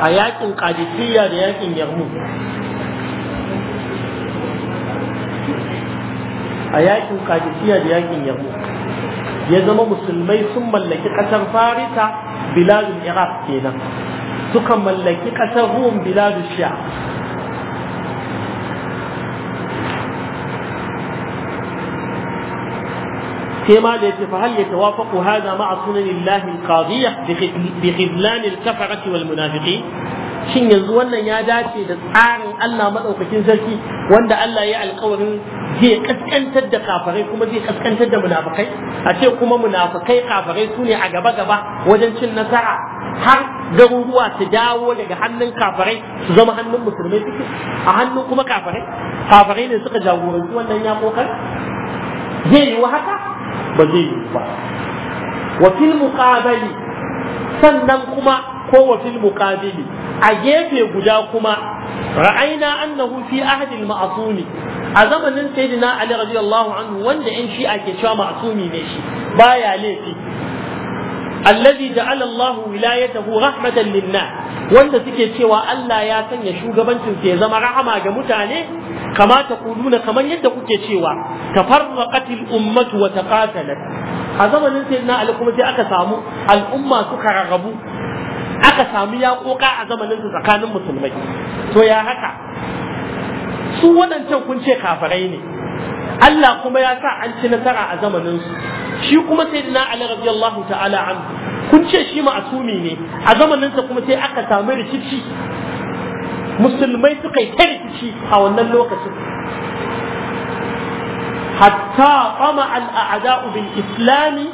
a yakin qadisiyya da yakin yarmuk a yakin da yakin ya zama musulmai sun mallaki kasar farisa biladul iraq kenan suka mallaki kasar ruwan biladul shia fa فهل يتوافق هذا مع سنن الله القاضية بخذلان الكفرة والمنافقين shin yanzu wannan ya dace da tsarin Allah maɗaukakin sarki wanda Allah ya alkawarin zai kaskantar da kafarai kuma zai kaskantar da munafakai a ce kuma munafakai kafarai su ne a gaba gaba wajen cin nasara har garuruwa su dawo daga hannun kafarai su zama hannun musulmai suke a hannun kuma kafarai kafarai ne suka jagoranci wannan ya kokar zai yi haka ba zai yi ba wakil muqabali sannan kuma ko wakil muqabili a gefe guda kuma ra'ayna annahufi fi ahdi al-ma'sumi a zamanin sayyidina ali radiyallahu anhu wanda in shi ke cewa ma'sumi ne shi baya laifi alladhi ja'ala wilaya wilayatahu rahmatan lin-nas wanda suke cewa Allah ya sanya shugabancin sa ya zama rahama ga mutane kama ta kuluna kamar yadda kuke cewa tafarraqatil ummatu wa taqatalat a zamanin sayyidina ali kuma sai aka samu al'umma suka rarrabu aka samu ya yaƙoƙa a zamanin su tsakanin musulmai to ya haka su waɗancan kun ce kafirai ne Allah kuma ya sa an ci nasara a zamanin su shi kuma sayyidina ali radiyallahu ta'ala anhu kun ce shi ma asumi ne a zamanin sa kuma sai aka samu rikici musulmai suka yi ta rikici a wannan lokacin hatta qama al'ada ubin islami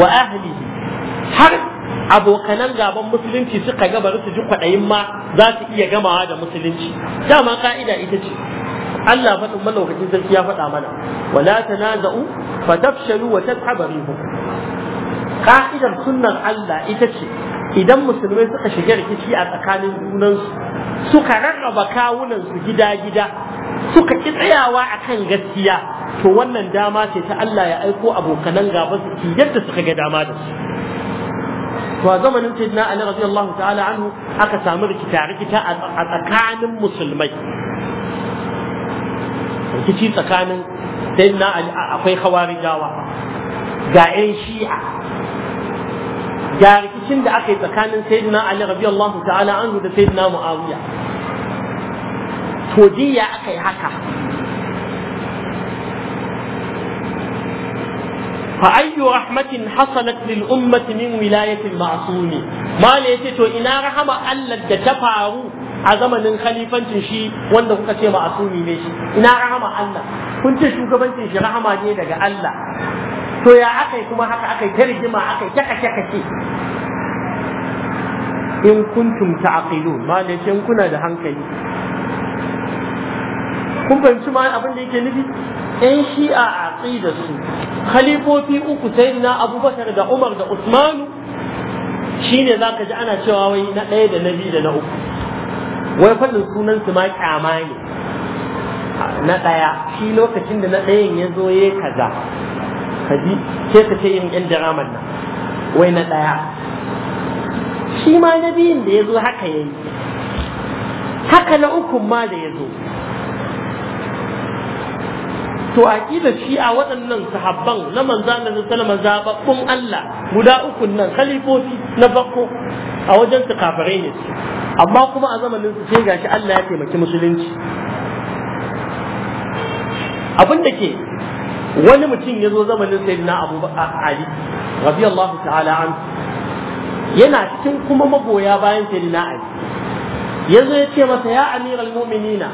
wa ahli har abokanan gaban musulunci suka ga su ji kwaɗayin ma za su iya gamawa da musulunci dama ka'ida ita ce Allah faɗin malaukakin sarki ya faɗa mana wala tanaza'u fatafshalu wa tadhhabu ka'idar sunnan Allah ita ce idan musulmai suka shiga rikici a tsakanin junansu suka rarraba kawunansu gida-gida suka ki tsayawa a kan gaskiya to wannan dama ce ta Allah ya aiko abokanan gaba su yadda suka ga dama da su to a zamanin sayyidina Ali radiyallahu ta'ala anhu aka samu rikita rikita a tsakanin musulmai rikici tsakanin sayyidina Ali akwai khawarijawa ga 'yan shi'a ga rikicin da aka yi tsakanin sayyidina Ali rabbi Allah ta'ala an da sayyidina Muawiya to jiya aka yi haka fa ayyu rahmatin hasalat lil ummati min wilayati al to ina rahama Allah da ta faru a zamanin khalifancin shi wanda kuka ce ma'sumi ne shi ina rahama Allah kun ce shugabancin shi rahama ne daga Allah to ya aka yi kuma haka aka yi ta rigima aka yi ta kashe kashe in kuntum ta'qilun ma da in kuna da hankali kun fahimci ma abin da yake nufi yan shi'a a da su khalifofi uku sai na abubakar da umar da usmanu za zaka ji ana cewa wai na ɗaya da na biyu da na uku wai faɗin sunan su ma kyama ne na ɗaya shi lokacin da na ɗayan ya zo ya kaza ka bi sai ka ce yin yan diraman nan wai na ɗaya shi ma na biyun da ya zo haka ya yi haka na ukun ma da ya zo to a shi a waɗannan sahabban na manza na sallallahu Allah guda uku nan na bakko a wajen su kafare ne amma kuma a zamanin su sai gashi Allah ya taimaki musulunci abin da ke wani mutum ya zo zamanin sayyidina abu ali radiyallahu ta'ala an yana cikin kuma magoya bayan sayyidina ali ya zo ya ce masa ya amiral mu'minina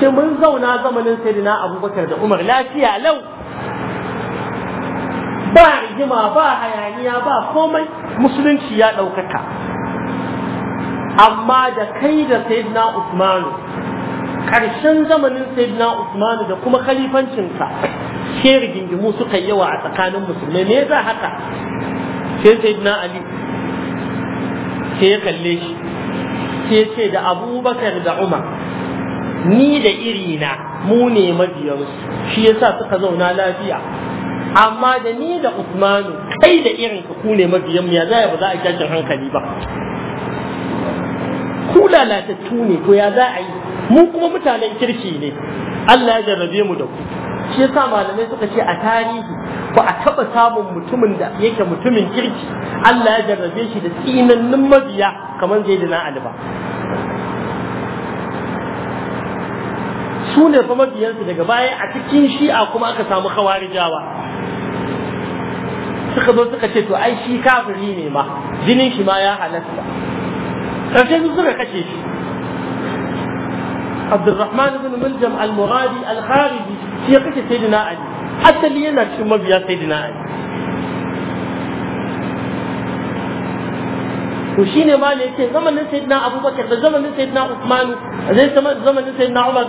ce mun zauna zamanin sayyidina abubakar da umar lafiya lau ba rigima ba hayaniya ba komai musulunci ya ɗaukaka amma da kai da sayyidina usmanu ƙarshen zamanin sayyidina Usman da kuma khalifancinsa sai rigingimu suka yawa a tsakanin musulmai me yasa haka sai sayyidina Ali sai ya kalle shi sai ce da Abubakar da Umar ni da irina mu ne mabiyansu shi yasa suka zauna lafiya amma da ni da Usmanu kai da irin ka ku ne mabiyan mu ya za ba za a tashin hankali ba ku lalatattu ne to ya za a yi mu kuma mutanen kirki ne Allah ya jarrabe mu da ku shi yasa malamai suka ce a tarihi ba a taba samun mutumin da yake mutumin kirki Allah ya jarrabe shi da tsinannin mabiya kamar zai dina Ali ba su ne fa mabiyansu daga baya a cikin shi'a kuma aka samu khawarijawa suka zo suka ce to ai shi kafiri ne ma jinin shi ma ya halatta ƙarshe su suka kashe shi عبد الرحمن بن ملجم المرادي الخارجي في قصة سيدنا علي حتى لي أنا شو مبيا سيدنا علي to shine ma ne yake zamanin sayyidina abubakar da zamanin sayyidina usmanu zai zama zamanin sayyidina umar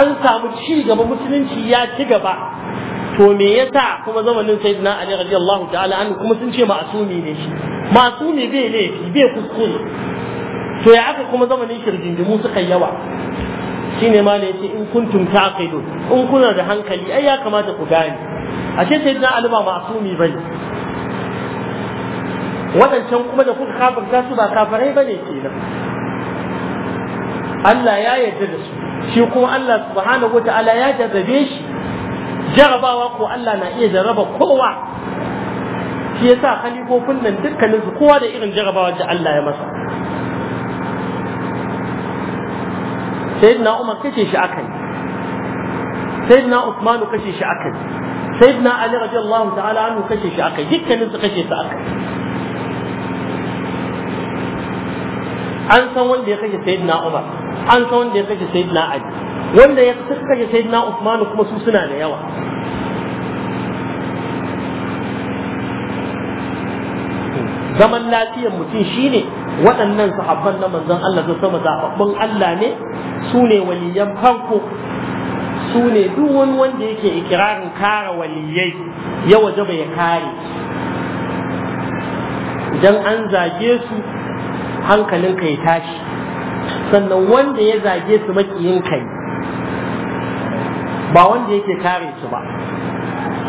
an samu ci gaba musulunci ya ci gaba to me yasa kuma zamanin sayyidina ali radiyallahu ta'ala an kuma sun ce ma'asumi ne shi ma'asumi bai laifi bai kuskure to ya aka kuma zamanin shirjinjimu suka yawa shine ma ne yace in kuntum taqidu in kuna da hankali ai ya kamata ku gane ashe sai dan ba ma'sumi bane wadancan kuma da kuka kafirta su ba kafirai bane kenan Allah ya yarda da su shi kuma Allah subhanahu wata'ala ya jarrabe shi jarabawa ko Allah na iya jarraba kowa shi yasa khalifofin nan dukkanin su kowa da irin jarabawar da Allah ya masa sayyidina umar kace shi akai sayyidina usman kace shi akai sayyidina ali radiyallahu ta'ala anhu kace shi akai dukkanin su kace su akai an san wanda ya kace sayyidina umar an san wanda ya kace sayyidina ali wanda ya kace sayyidina usman kuma suna da yawa zaman lafiyar mutum shine waɗannan sahabban na manzon Allah da sama zaɓaɓɓun Allah ne su ne waliyan farko su ne duk wani wanda yake ikirarin kare waliyai ya waje bai kare idan an zage su hankalin kai tashi sannan wanda ya zage su makiyin kai ba wanda yake kare su ba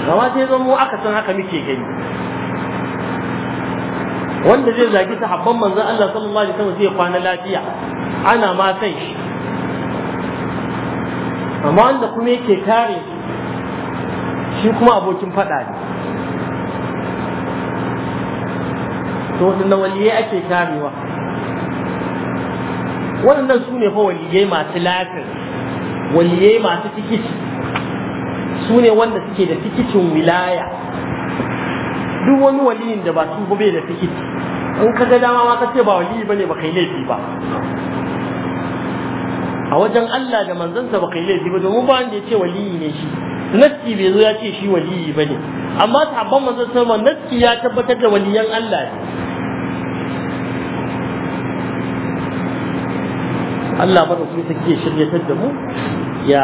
gama sai zama aka san haka muke gani wanda zai zagi habban manzon Allah sallallahu alaihi wasallam zai kwana lafiya ana ma sai. shi amma wanda kuma yake kare shi kuma abokin faɗa ne to waɗannan waliyai ake karewa waɗannan su ne fa waliyai masu lafiya, waliyai masu tikiti, su ne wanda suke da tikitin wilaya duk wani waliyin da ba su bai da tikiti in ka ga dama ma ka ce ba wali bane ba kai laifi ba a wajen Allah da manzansa ba kai laifi ba domin ba wanda ya ce waliyi ne shi Nasti bai zo ya ce shi waliyi bane. amma sahabban manzon sama nasti ya tabbatar da waliyan Allah ne Allah ba su take shiryatar da mu ya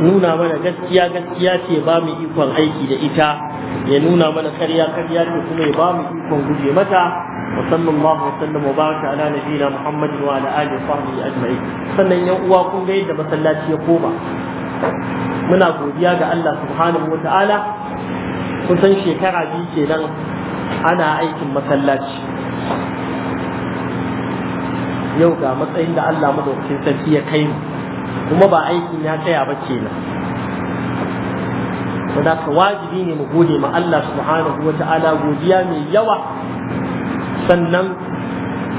nuna mana gaskiya gaskiya ce ba mu ikon aiki da ita ya nuna mana karya karya ce kuma ya ba mu ikon guje mata وصلى الله وسلم وبارك على نبينا محمد وعلى اله وصحبه اجمعين sannan yan uwa kun ga yadda masallaci ya koma muna godiya ga Allah subhanahu wataala kusan shekara biyu kenan ana aikin masallaci yau ga matsayin da Allah madaukakin sarki ya kai mu kuma ba aikin ya tsaya ba kenan wadaka wajibi ne mu gode ma Allah subhanahu wa ta'ala godiya mai yawa sannan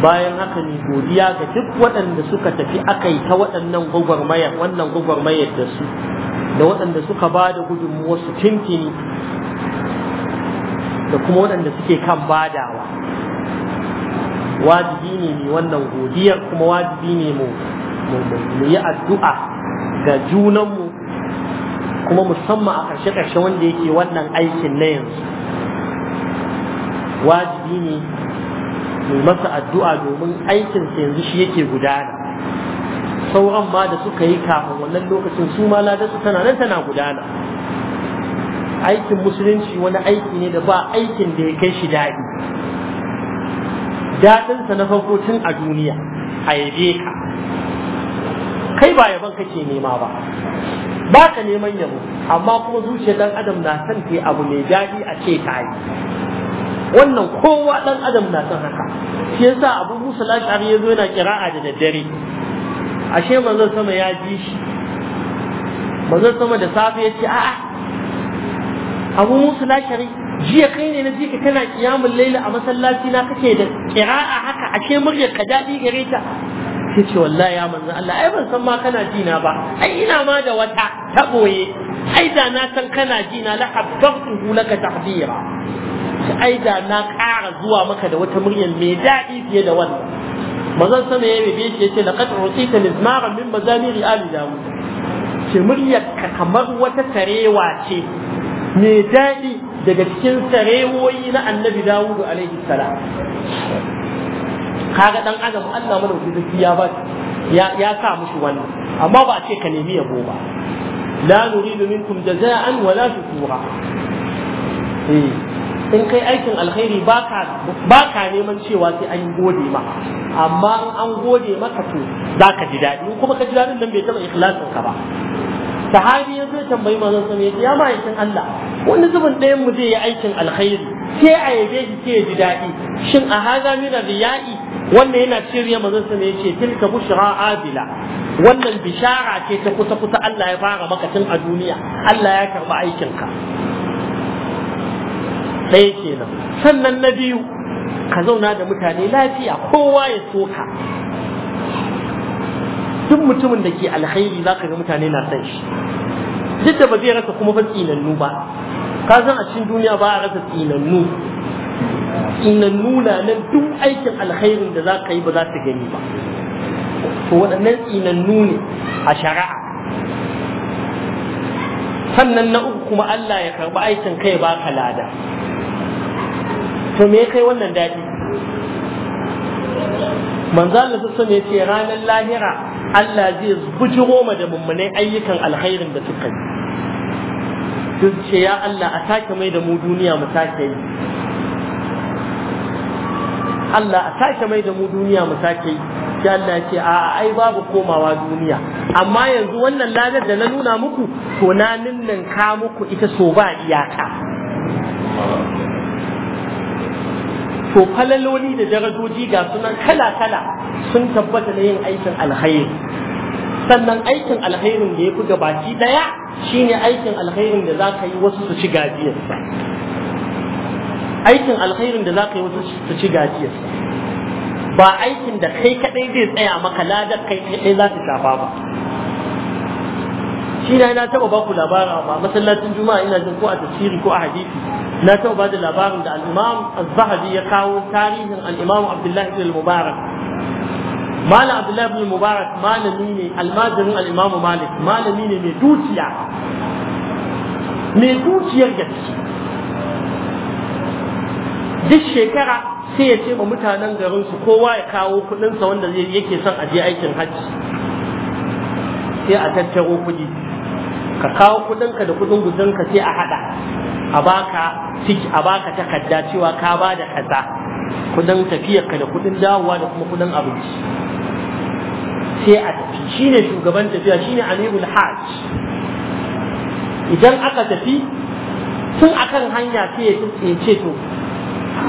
bayan haka ne godiya ga duk waɗanda suka tafi aka yi ta waɗannan gwagwarmayar wannan gwagwarmayar da su da waɗanda suka ba da gudunmuwa su tintini da kuma waɗanda suke kan badawa wajibi ne mai wannan godiyar kuma wajibi ne mu yi addu'a ga junanmu kuma musamman a ƙarshe-ƙarshe wanda yake wannan aikin na yanzu wajibi ne mu masa addu'a domin aikin sa yanzu shi yake gudana sauran ma da suka yi kafin wannan lokacin su ma ladar su tana nan tana gudana aikin musulunci wani aiki ne da ba aikin da ya kai shi daɗi daɗinsa na farko tun a duniya a yabe ka kai ba yaban kake nema ba ba ka neman yabo amma kuma zuciyar dan adam na son ta abu mai daɗi a ce ta yi wannan kowa dan adam na son haka shi yasa abu musa al-ash'ari yazo yana kira'a da daddare ashe manzon sama ya ji shi manzon sama da safe ya ce a'a abu musa al-ash'ari jiya kai ne na ji ka kana kiyamul laila a masallaci na kake da kira'a haka ashe murya ka dadi gare ta sai ce wallahi ya manzon Allah ai ban san ma kana ji na ba ai ina ma da wata ta boye ai da na san kana ji na la habbtu laka tahbira ai na ƙara zuwa maka da wata muryar mai daɗi fiye da wannan mazan sama ya yabe shi yace laqad usita mizmaran min mazamiri ali dawud ce muryar ka kamar wata sarewa ce mai daɗi daga cikin sarewoyi na annabi dawud alaihi salam kaga dan adam Allah madaukaki ya ba ya ya sa mushi wannan amma ba a ce ka nemi yabo ba la nuridu minkum jaza'an wala shukura eh in kai aikin alkhairi ba ka neman cewa sai an gode maka amma in an gode maka to za ka ji daɗi kuma ka ji daɗin nan bai taɓa ikhlasin ka ba sahabi ya zai tambayi manzon sama yace ya ma'aikin Allah wani zubin ɗayan mu zai yi aikin alkhairi sai a yabe shi sai ya ji daɗi shin a haza mina riya'i wannan yana ciriya manzon sama yace tilka bushra abila wannan bishara ce ta kusa kusa Allah ya fara maka tun a duniya Allah ya karɓi aikin ka ɗaya kenan sannan na biyu ka zauna da mutane lafiya kowa ya soka duk mutumin da ke alkhairi za ka ga mutane na san shi duk da ba zai rasa kuma ba tsinannu ba ka san a cikin duniya ba a rasa tsinannu tsinannu na nan duk aikin alkhairin da za ka yi ba za su gani ba to waɗannan tsinannu ne a shari'a sannan na uku kuma Allah ya karɓi aikin kai ba ka lada to me kai wannan daɗi manzo Allah sassan ya ce ranar lahira Allah zai bujiro ma da mummunai ayyukan alkhairin da suka yi duk ce ya Allah a sake mai da mu duniya mu sake yi Allah a sake mai da mu duniya mu sake yi ya Allah ce a ai babu komawa duniya amma yanzu wannan ladar da na nuna muku to na ka muku ita so ba iyaka to falaloli da darajoji ga sunan kala-kala sun tabbata da yin aikin alkhairi sannan aikin alkhairin da ya fi gabaki daya shine aikin alkhairin da za ka yi wasu su ci gajiyarsa aikin alkhairin da za ka yi wasu su ci gajiyarsa ba aikin da kai kadai zai tsaya maka ladar kai kadai za ta shafa ba shi na na taba baku labarin amma masallacin juma'a ina jin ko a tafsiri ko a hadisi na taba da labarin da al-imam az-zahabi ya kawo tarihin al-imam abdullahi ibn al-mubarak malam abdullahi ibn al-mubarak malami ne almajirin al-imam malik malami ne mai dukiya mai dukiyar gaske duk shekara sai ya ce ma mutanen garin su kowa ya kawo kuɗinsa wanda yake son aje aikin hajji sai a tattaro kuɗi ka kawo kudinka da kudin guzanka sai a hada a baka a baka takarda cewa ka ba da kaza kudin tafiyarka da kudin dawowa da kuma kudin abinci sai a tafi shine shugaban tafiya shine amirul hajj idan aka tafi tun akan hanya sai ya ce to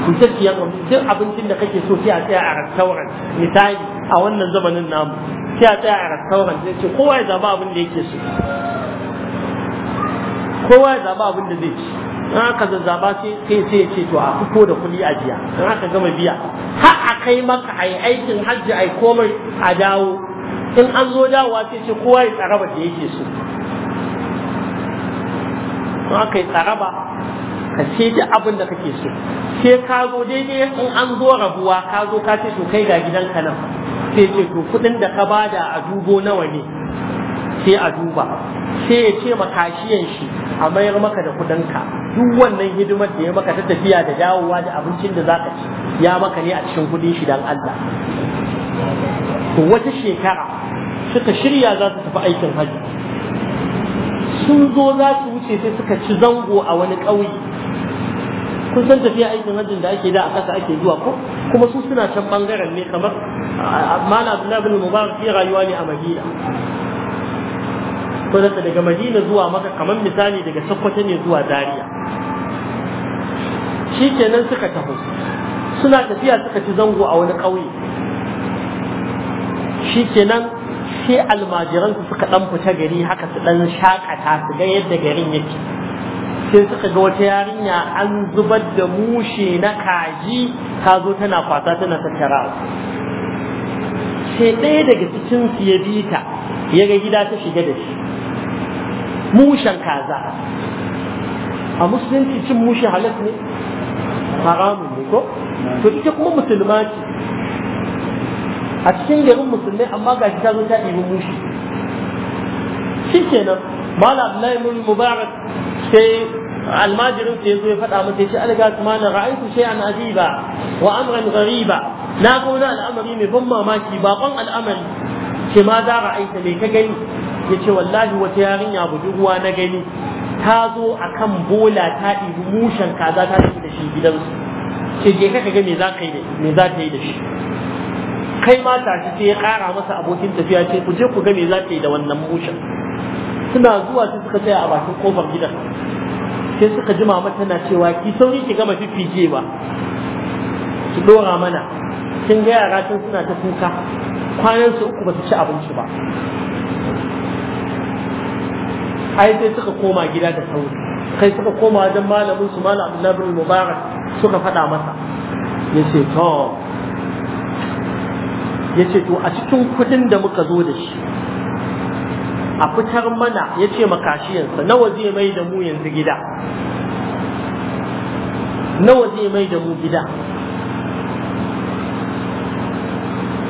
mutacciyar duk abincin da kake so sai a tsaya a restaurant misali a wannan zamanin namu sai a tsaya a restaurant zai ce kowa ya zaba abin da yake so kowa ya zaba abin da zai ci in aka zazzaba sai sai ya ce to a fito da kuɗi a jiya, in aka gama biya har a kai maka a yi aikin hajji a yi komai a dawo in an zo dawowa sai ce kowa ya tsaraba da yake so in aka yi tsaraba ka ce duk abin da kake so sai ka zo daidai in an zo rabuwa ka zo ka ce to kai ga gidanka nan sai ce to kuɗin da ka bada a dubo nawa ne sai a duba sai ya ce makashiyan shi a mayar maka da kudanka duk wannan hidimar da ya maka ta tafiya da dawowa da abincin da zaka ci ya maka ne a cikin kuɗin shi dan Allah to wata shekara suka shirya za su tafi aikin hajji sun zo za su wuce sai suka ci zango a wani ƙauye kun san tafiya aikin hajjin da ake da a ƙasa ake zuwa ko kuma su suna can ɓangaren ne kamar mana abdullahi bin mubarak ya rayuwa ne a madina saboda daga madina zuwa maka kamar misali daga sokoto ne zuwa zaria shikenan suka taho suna tafiya suka ci zango a wani ƙauye shikenan sai almajiransu suka dan fita gari haka su ɗan shakata su ga yadda garin yake sai suka ga wata yarinya an zubar da mushe na kaji ta zo tana kwasa tana tattara sai ɗaya daga cikin su ya bi ta ya ga gida ta shiga da shi mushen kaza a musulunci cin mushe halas ne haramun ne ko to ita kuma musulma ce a cikin garin musulmai amma ga shi ta zo ta ɗibi mushi shi kenan malam Abdullahi mun mubarak sai almajirin sai zo ya faɗa masa ya ce alga kuma na ra'aytu shay'an ajiba wa amran ghariba na ga wani al'amari mai ban mamaki baƙon al'amari ce ma za ra'aita me ka gani ya ce wallahi wata yarinya budurwa na gani ta zo akan bola ta ɗibi mushen kaza ta tafi da shi gidansu ce je ka ga me za ka yi da shi kai ma tashi sai ya kara masa abokin tafiya ce ku je ku ga me za ka yi da wannan mushen suna zuwa sai suka tsaya a bakin kofar gidan sai suka ji mama tana cewa ki sauri ki gama fiffige ba ki dora mana kin ga yara tun suna ta kuka kwanan su uku ba su ci abinci ba ai sai suka koma gida da sauri kai suka koma wajen malamin su malam Abdullahi Mubarak suka faɗa masa yace to yace to a cikin kuɗin da muka zo da shi a fitar mana yace sa nawa zai mai da mu yanzu gida nawa zai mai da mu gida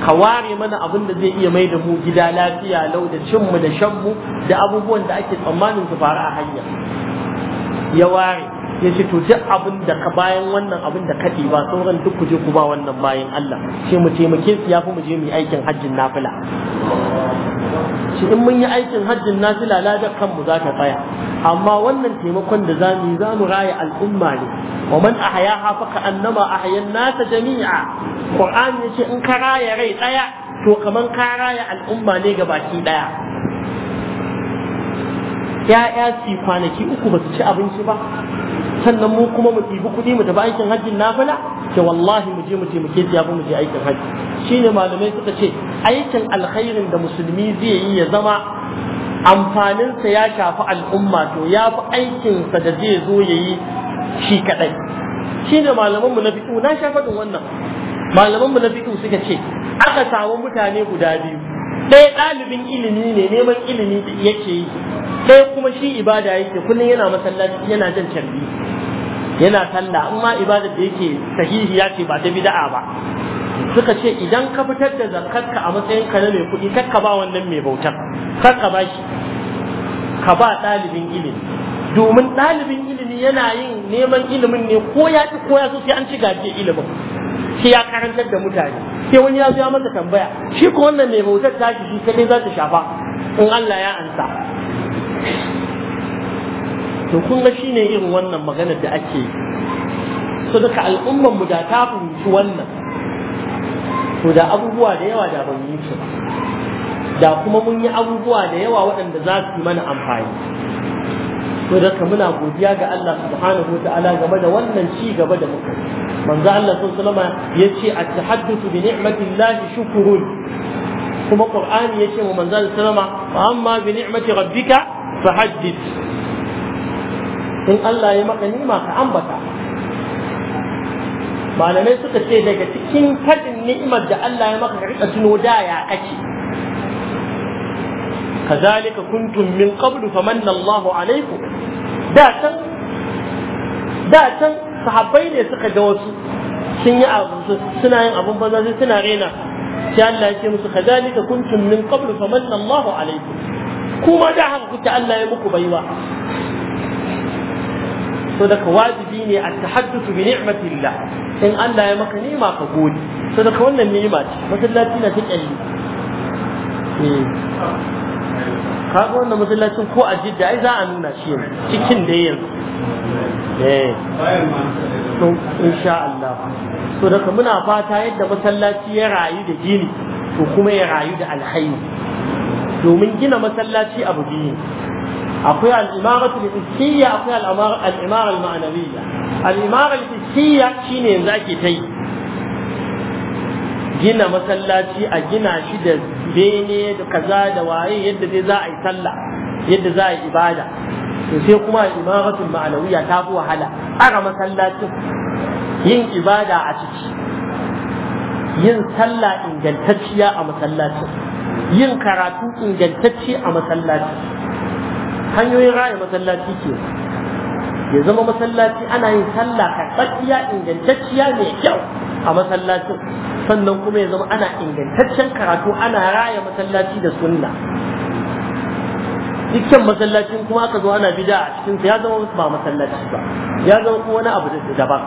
ka ware mana abin da zai iya mai da mu gida lafiya lau da cinmu da shanmu da abubuwan da ake tsammanin su faru a hanya ya ware ya ce to duk abin da ka bayan wannan abin da ka ba sauran duk je ku ba wannan bayan Allah shi mu taimake su yafi mu je mu yi aikin hajjin nafila shi in mun yi aikin hajjin nafila ladar kanmu za ta tsaya amma wannan taimakon da za mu yi za mu raya al'umma ne wa man ahyaha hafa ka annama ahayan nasa jami'a qur'ani ce in ka raya rai ɗaya to kamar ka raya al'umma ne ga baki daya ya'ya ci kwanaki uku ba su ci abinci ba sannan mu kuma mu ɗibi kuɗi mu tafi aikin hajjin nafila ke wallahi mu je mu taimake su yafi mu je aikin hajji Shi ne malamai suka ce aikin alkhairin da musulmi zai yi ya zama amfaninsa ya shafi al'umma to ya fi aikinsa da zai zo ya yi shi kaɗai Shi ne malaman mu na fiƙu na sha faɗin wannan Malaman mu na fiƙu suka ce aka samu mutane guda biyu ɗaya ɗalibin ilimi ne neman ilimi da yake yi Sai kuma shi ibada yake kullum yana masallaci yana jan tarbi yana sallah amma ibada da yake sahihi ya ce ba ta bid'a ba suka ce idan ka fitar da zakarka a matsayin ka na mai kuɗi kar ka ba wannan mai bautar kar ka ba shi ka ba ɗalibin ilimi domin ɗalibin ilimi yana yin neman ilimin ne ko ya ci ko ya so sai an ci gajiyar ilimin sai ya karantar da mutane sai wani ya zo ya masa tambaya shi ko wannan mai bautar tashi shi kadai za ta shafa in Allah ya ansa to kun ga shine irin wannan maganar da ake yi so duka al'ummar mu da ta fahimci wannan to da abubuwa da yawa da ban yi su da kuma mun yi abubuwa da yawa waɗanda za su yi mana amfani to da muna godiya ga Allah subhanahu wa ta'ala game da wannan ci gaba da muka manzo Allah sallallahu alaihi wasallam yace at-tahaddathu bi ni'matillahi shukrun kuma qur'ani yace wa manzo sallallahu alaihi wasallam amma bi ni'mati rabbika fahaddith in Allah ya maka nima ka ambata malamai suka ce daga cikin fadin ni'imar da Allah ya maka ka rika tuno da ya kake kazalika kuntum min qablu famanna Allahu alaikum da can da can sahabbai ne suka ga wasu sun yi abu suna yin abun banza sai suna rena sai Allah ya ce musu kazalika kuntum min qablu famanna Allahu alaikum kuma da haka kuke Allah ya muku baiwa so daga wajibi ne a tahaddutu bi ni'matillah in Allah ya maka ni'ima ka gode so daga wannan ni'ima ce masallaci na ta kyalli eh. ka ga wannan masallacin ko a jidda ai za a nuna shi yanzu cikin da yanzu eh insha Allah so daga muna fata yadda masallaci ya rayu da gini to kuma ya rayu da alhaini domin gina masallaci abu biyu akwai al'imaratu al akwai al'imara al al'imara al-hissiyya shine yanzu ake ta yi gina masallaci a gina shi da bene da kaza da waye yadda zai za a yi sallah yadda za a yi ibada to sai kuma al'imaratu al ta fi wahala ara masallacin yin ibada a ciki yin sallah ingantacciya a masallacin yin karatu ingantacce a masallaci hanyoyin raya masallaci ke ya zama masallaci ana yin sallah karɓaɓɓiya ingantacciya mai kyau a masallacin sannan kuma ya zama ana ingantaccen karatu ana raya masallaci da sunna dukkan masallacin kuma aka zo ana bida a cikin ya zama ba masallaci ba ya zama kuma wani abu daban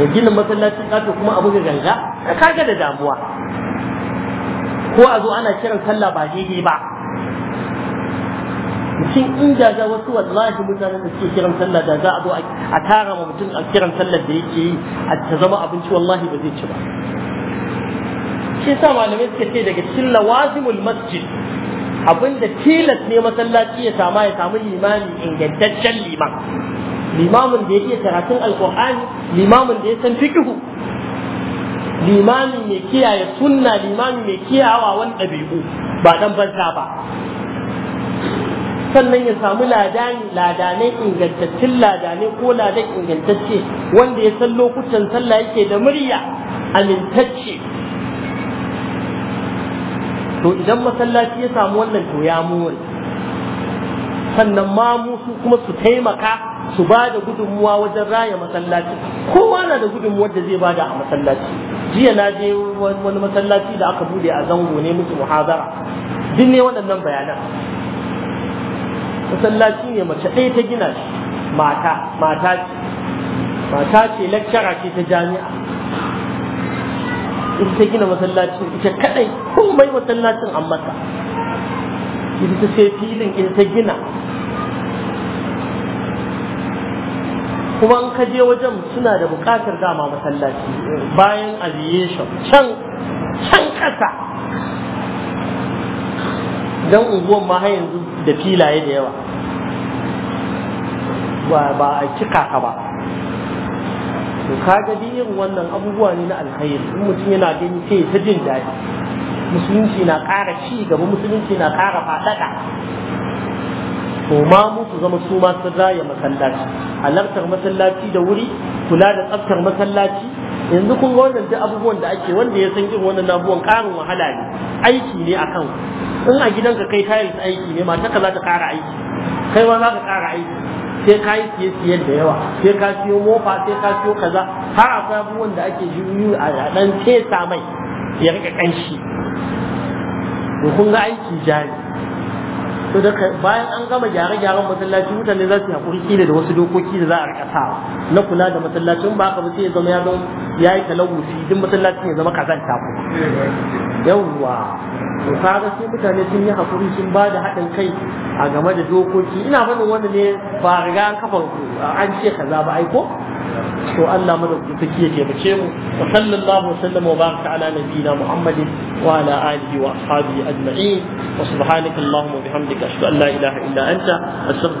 eh, ginin masallacin kato kuma abu ga ganga ka ga da damuwa ko a zo ana kiran sallah ba daidai ba mutum in da wasu wallahi mutane da suke kiran sallah da za a zo a tara ma mutum a kiran sallah da yake yi a ta zama abinci wallahi ba zai ci ba shi sa malamai suka ce daga cikin lawazimul masjid abinda tilas ne masallaci ya sama ya samu limami ingantaccen liman limamin da ya karatun alkur'ani limamin da ya san fikihu limami mai kiyaye sunna limami mai kiyawa wani ɗabi'u ba dan banta ba sannan ya samu ladani ladanai ingantaccen ladane ko ladan ingantacce wanda ya san lokutan sallah yake da murya amintacce to idan masallaci ya samu wannan to ya muwal sannan ma musu kuma su taimaka su ba da gudunmuwa wajen raya masallaci kowa na da gudunmuwa da zai bada a masallaci jiya na je wani masallaci da aka bude a zango ne musu muhazara duk ne waɗannan bayanan masallaci ne mace ɗaya ta gina shi mata mata ce mata ce lakcara ce ta jami'a ita ta gina masallacin ita kaɗai komai masallacin an mata ita ta sai filin ita ta gina kuma kaje kaje wajen suna da bukatar dama masallaci bayan aviation can can ƙasa don unguwan ma har yanzu da filaye da yawa ba a cika ka ba to ka dai irin wannan abubuwa ne na alkhairi in mutum yana gani sai ta jin daɗi musulunci na ƙara ci gaba musulunci na ƙara faɗaɗa to ma zama su ma sun raya masallaci halartar masallaci da wuri kula da tsaftar masallaci yanzu kun ga wannan duk abubuwan da ake wanda ya san irin wannan abubuwan karin wahala ne aiki ne a kan in a gidanka kai tiles aiki ne mata ka za ta kara aiki kai ma za ka kara aiki sai ka yi siye siye da yawa sai ka siyo mofa sai ka siyo kaza har akwai abubuwan da ake juyu a dan fesa mai ya rika kanshi to kun ga aiki jari to da bayan an gama gyare-gyaren masallaci mutane za su hakuri kila da wasu dokoki da za a rika sawa na kula da masallaci ba ka ba sai ya zama ya ya yi talawusi duk masallacin ya zama kazanta ku yawwa to kaga sai mutane sun yi hakuri sun ba da haɗin kai a game da dokoki ina faɗin wanda ne ba riga an kafa an ce kaza ba aiko. ko to Allah madauki take ya taimake mu wa sallallahu wa wa baraka ala nabiyina Muhammadin wa ala alihi wa ashabihi ajma'in wa subhanaka allahumma wa bihamdika ashhadu an la ilaha illa anta astaghfiruka